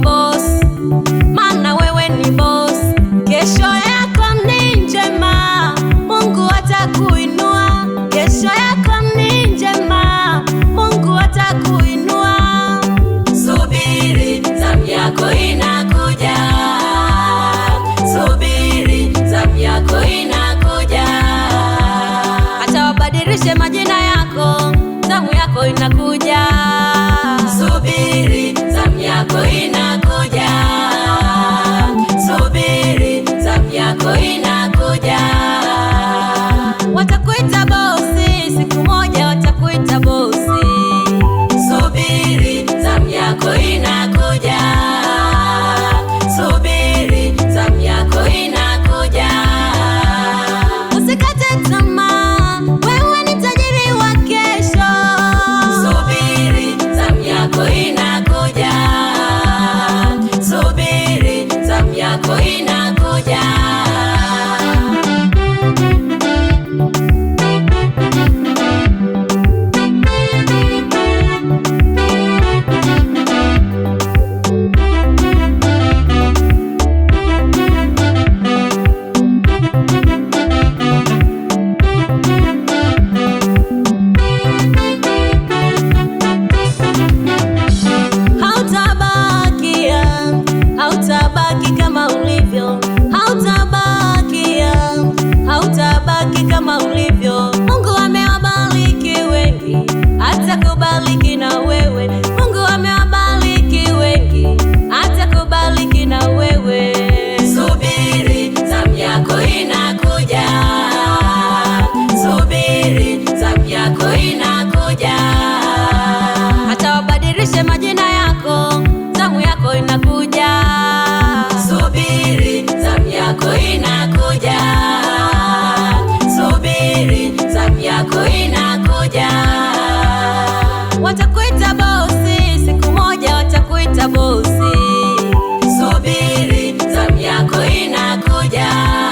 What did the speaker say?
boss, mana wewe ni boss, kesho na wewe inakuja.